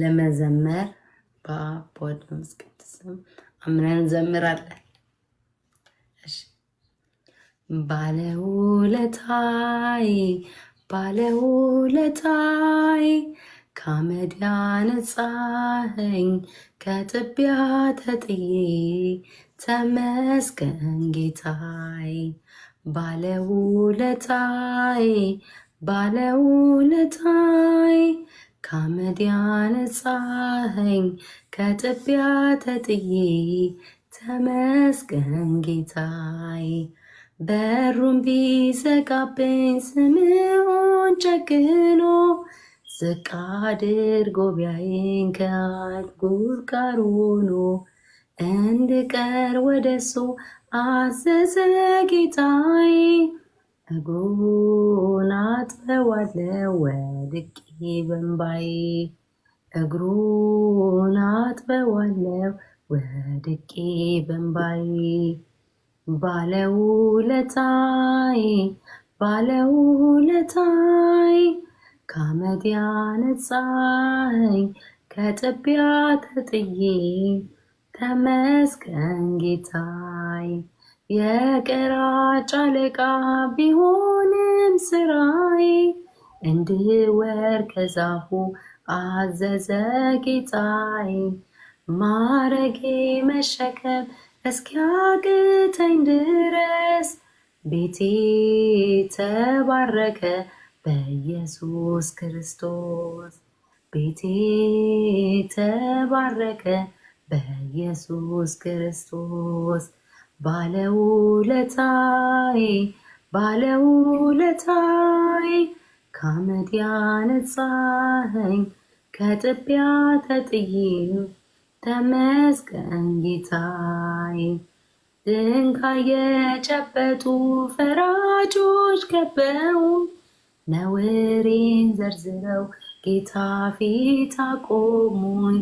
ለመዘመር በአብ ወወልድ ወመንፈስ ቅዱስ ስም አምነን እንዘምራለን። ባለውለታይ ባለውለታይ ከአመድ ያነጻኸኝ ከጥቢያ ተጥዬ ተመስገን ጌታይ ባለውለታይ ባለውለታይ ካመዲያ ያነጻኸኝ ከጥቢያ ተጥዬ ተመስገን ጌታይ። በሩን ቢዘጋብኝ ስምዖን ጨክኖ ዝቅ አድርጎ ቢያየኝ ከአይጉር ጋር ሆኖ እንድቀር ወደሱ አዘዘ ጌታይ እጎ አጥበዋለሁ ወድቄ በእምባዬ እግሩን አጥበዋለሁ ወድቄ በእምባዬ ባለውለታይ ባለውለታይ ከአመድ ያነጻኝ ከጥቢያ ተጥዬ ተመስገን ጌታይ የቀራጭ አለቃ ቢሆንም ስራዬ እንድወር ከዛፉ አዘዘ ጌታዬ። ማረጌ መሸከም እስኪያቅተኝ ድረስ ቤቴ ተባረከ በኢየሱስ ክርስቶስ። ቤቴ ተባረከ በኢየሱስ ክርስቶስ። ባለውለታይ ባለውለታይ ከአመድ ያነጻኸኝ ከጥቢያ ተጥዬ ተመስገን ጌታይ። ድንጋይ የጨበጡ ፈራጆች ከበው ነውሬን ዘርዝረው ጌታ ፊት አቆሙኝ።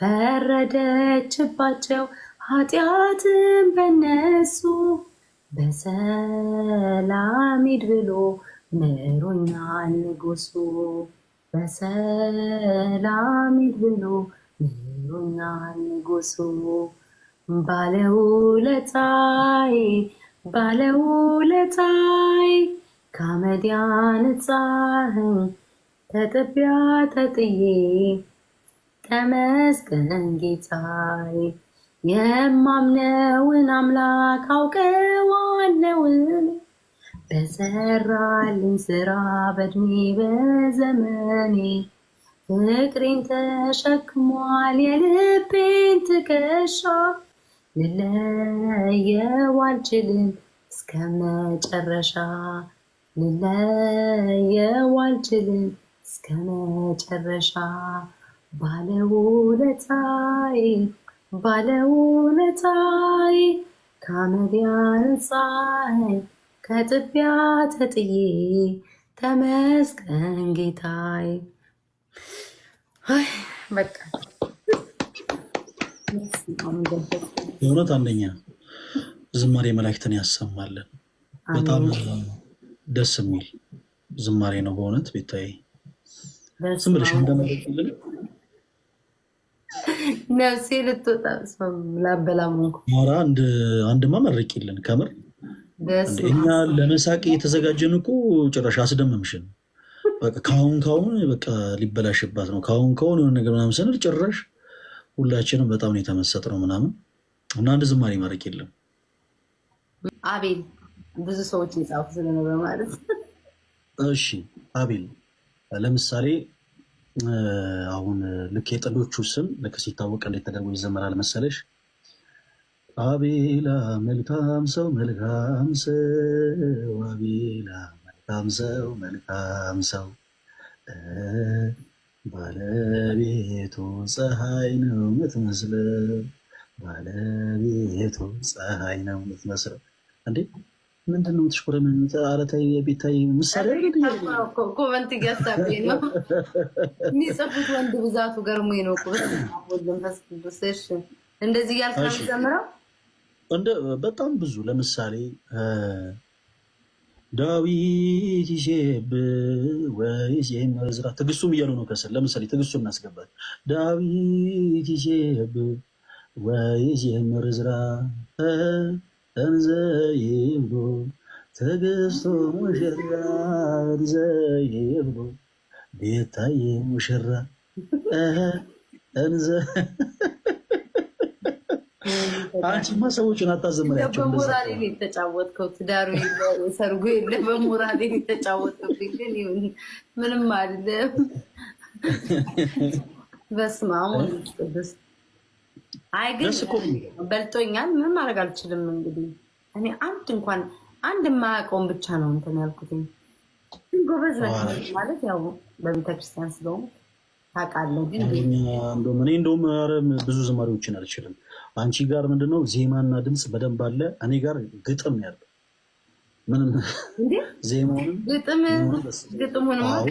ፈረደችባቸው ኃጢአትን በነሱ በሰላም ሂድ ብሎ ምሮኛል ንጉሱ። በሰላም ሂድ ብሎ ምሮኛል ንጉሱ። ባለውለታይ ባለውለታይ ከአመድ ያነጻኸኝ ከጥቢያ ተጥዬ ተመስገን ጌታዬ። የማምነውን አምላክ አውቀዋለው በሰራልኝ ስራ በእድሜ በዘመኔ ፍቅሬን ተሸክሟል የልቤን ትከሻ ልለየው አልችልም እስከ መጨረሻ ልለየው አልችልም እስከ መጨረሻ ባለውለታዬ ባለ ውነታይ ከአመድ ያነጻኸኝ ከጥቢያ ተጥዬ ተመስገን ጌታይ። በቃ የእውነት አንደኛ ዝማሬ መላእክትን ያሰማልን። በጣም ደስ የሚል ዝማሬ ነው በእውነት ቤታዬ ስምልሽ እንደመለልን ነፍሴ ልትወጣ ላበላሙ ኧረ አንድ አንድማ መርቂልን ከምር እኛ ለመሳቅ የተዘጋጀን እኮ ጭራሽ አስደመምሽን። በቃ ካሁን ካሁን በቃ ሊበላሽባት ነው ካሁን ካሁን የሆነ ነገር ምናምን ስንል ጭራሽ ሁላችንም በጣም ነው የተመሰጥነው ምናምን እና አንድ ዝማሬ መረቅ የለም። አቤል ብዙ ሰዎች የጻፉ ስለነበር ማለት እሺ፣ አቤል ለምሳሌ አሁን ልክ የጥንዶቹ ስም ልክ ሲታወቅ እንዴት ተደርጎ ይዘመራል መሰለሽ? አቤላ መልካም ሰው መልካም ሰው አቤላ መልካም ሰው መልካም ሰው ባለቤቱ ፀሐይ ነው የምትመስለው ባለቤቱ ፀሐይ ነው የምትመስለው እንዴ ምንድን ነው የምትሽኮረመሚው? ኧረ ተይ ቤታዬ፣ ምሳሌ ኮመንት እያሳብኝ ነው የሚጽፉት። ወንድ ብዛቱ ገርሞኝ ነው። መንፈስ ቅዱስ እንደዚህ ያልክ ጀምረው እንደ በጣም ብዙ ለምሳሌ ዳዊት ይሴብ ወይስ ይህም ዝራ ትግስቱም እያሉ ነው ከስር። ለምሳሌ ትግስቱ እናስገባል። ዳዊት ይሴብ ወይስ ይህም እንዘይብጎ ትዕግስቱ ሙሽራ እንዘይብጎ ቤታዬ ሙሽራ እንዘ አንቺማ ሰዎችን አታዘምሪያቸው። በሞራሌ ነው የተጫወትከው። ትዳሩ የለ የለ በሞራሌ ነው የተጫወትከብኝ። ግን ምንም አለ በስመ አብ ቅዱስ አይ ግን በልጦኛል። ምን ማድረግ አልችልም። እንግዲህ እኔ አንድ እንኳን አንድ የማያውቀውን ብቻ ነው እንትን ያልኩት። ጎበዝ ማለት ያው በቤተክርስቲያን ስለሆነ ታውቃለህ። እኔ እንደውም ብዙ ዘማሪዎችን አልችልም። አንቺ ጋር ምንድነው ዜማና ድምፅ በደንብ አለ። እኔ ጋር ግጥም ያለ ምንም ዜማውንም ግጥሙንም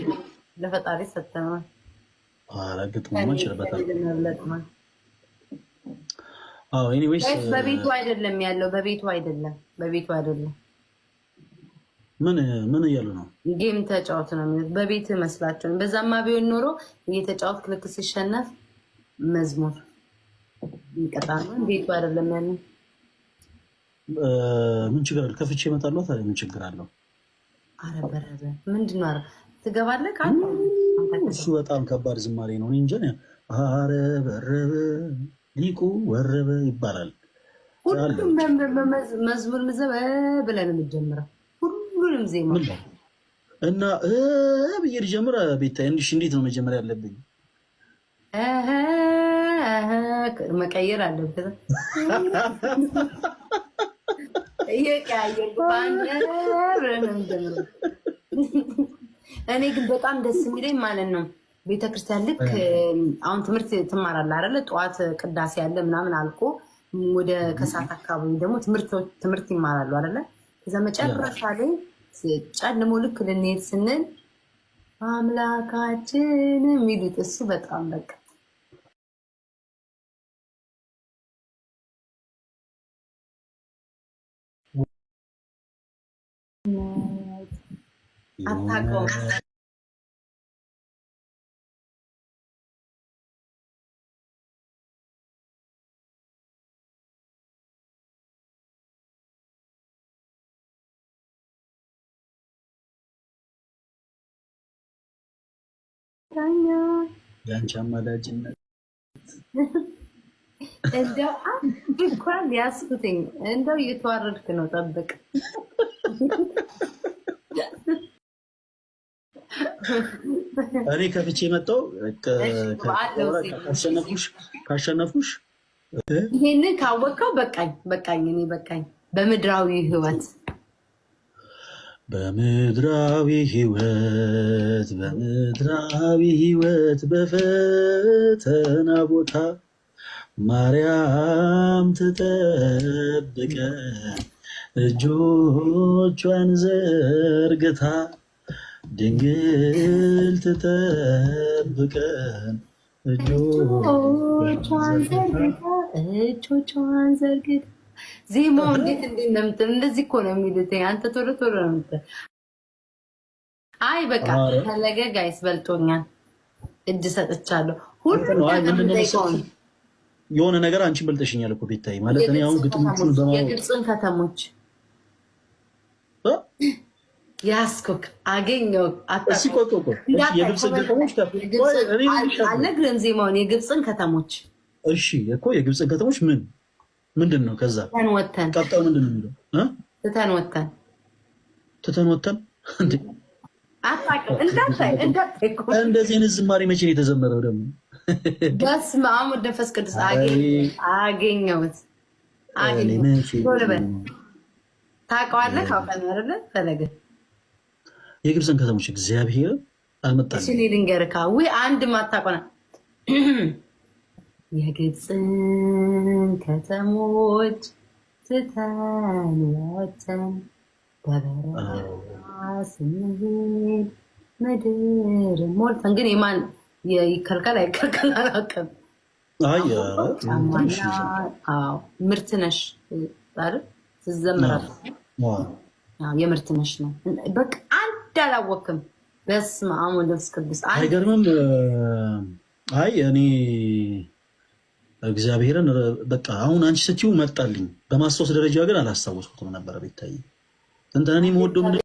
ለፈጣሪ ሰተነዋል። ግጥሙ ችልበታል Uh, በቤቱ አይደለም ያለው፣ በቤቱ አይደለም፣ በቤቱ አይደለም። ምን ምን እያሉ ነው? ጌም ተጫወት ነው የሚሉት። በቤት መስላቸው በዛማ ቢሆን ኖሮ እየተጫወት ክልክ ሲሸነፍ መዝሙር ይቀጣ ነው። ቤቱ አይደለም ምን ችግር አለ? ከፍቼ እመጣለሁ። ታዲያ ምን ችግር አለው? አረ ምንድን ነው? አረ ትገባለህ ካለ እሱ በጣም ከባድ ዝማሬ ነው። እኔ እንጃ አረ ሊቁ ወረበ ይባላል። ሁሉም መዝሙር ምዘብ ብለን የምጀምረው ሁሉንም ዜማ እና ብዬ ልጀምር። ቤታ ንሽ እንዴት ነው መጀመሪያ ያለብኝ? መቀየር አለበት። እኔ ግን በጣም ደስ የሚለኝ ማለት ነው ቤተክርስቲያን ልክ አሁን ትምህርት ትማራለህ አይደለ? ጠዋት ቅዳሴ ያለ ምናምን አልቆ ወደ ከሰዓት አካባቢ ደግሞ ትምህርት ይማራሉ አይደለ? ከዛ መጨረሻ ላይ ጨልሞ ልክ ልንሄድ ስንል አምላካችን የሚሉት እሱ በጣም በቃ አታውቀውም ዳኛል የአንቺ አማላጅነት እንደው እንኳን ያስኩትኝ እንደው እየተዋረድክ ነው። ጠብቅ እኔ ከፍቼ ካሸነፉሽ ይህንን ካወቀው በቃኝ በቃኝ፣ እኔ በቃኝ በምድራዊ ህይወት በምድራዊ ህይወት በምድራዊ ህይወት በፈተና ቦታ ማርያም ትጠብቀ እጆቿን ዘርግታ ድንግል ትጠብቀን እጆቿን ዘርግታ ዜማ እንዴት እንዴት ነው የምትል? እንደዚህ እኮ ነው የሚሉት። አንተ ቶሎ ቶሎ ነው የምትል። አይ በቃ ፈለገ ጋይስ በልጦኛል። እጅ ሰጥቻለሁ። ሁሉም የሆነ ነገር አንቺን በልጠሽኛል እኮ ቤታይ ማለት እኔ አሁን ግጥሞቹን በማወቅ የግብፅን ከተሞች ያስኮክ አገኘው አልነግርህም ዜማውን የግብፅን ከተሞች እሺ እኮ የግብፅን ከተሞች ምን ምንድን ነው? ከዛ ቀጣው ምንድን ነው የሚለው? ትተን ወተን ትተን ወተን እንደዚህ አይነት ዝማሬ መቼ ነው የተዘመረው? ደግሞ በስመ አብ ወወልድ ወመንፈስ ቅዱስ አገኘሁት። ታውቀዋለህ? ካውቀን አይደለ ፈለገ የግብፅን ከተሞች እግዚአብሔር አልመጣልኝም። እሺ እኔ ልንገርህ፣ አንድ ማታቆና የግብፅን ከተሞች ትተን ወጥተን በበረሃ ስንሄድ ምድር ሞልተን ግን የማን ይከልከል አይከልከል አላውቅም። ምርት ነሽ አይደል? ትዘምራለህ። የምርት ነሽ ነው በቃ አንድ አላወቅም። በስመ አብ ወመንፈስ ቅዱስ አይገርምም። አይ እኔ እግዚአብሔርን በቃ አሁን አንቺ ስትይው መጣልኝ። በማስታወስ ደረጃ ግን አላስታወስኩትም ነበረ ቤታዬ እንትን እኔ የምወደው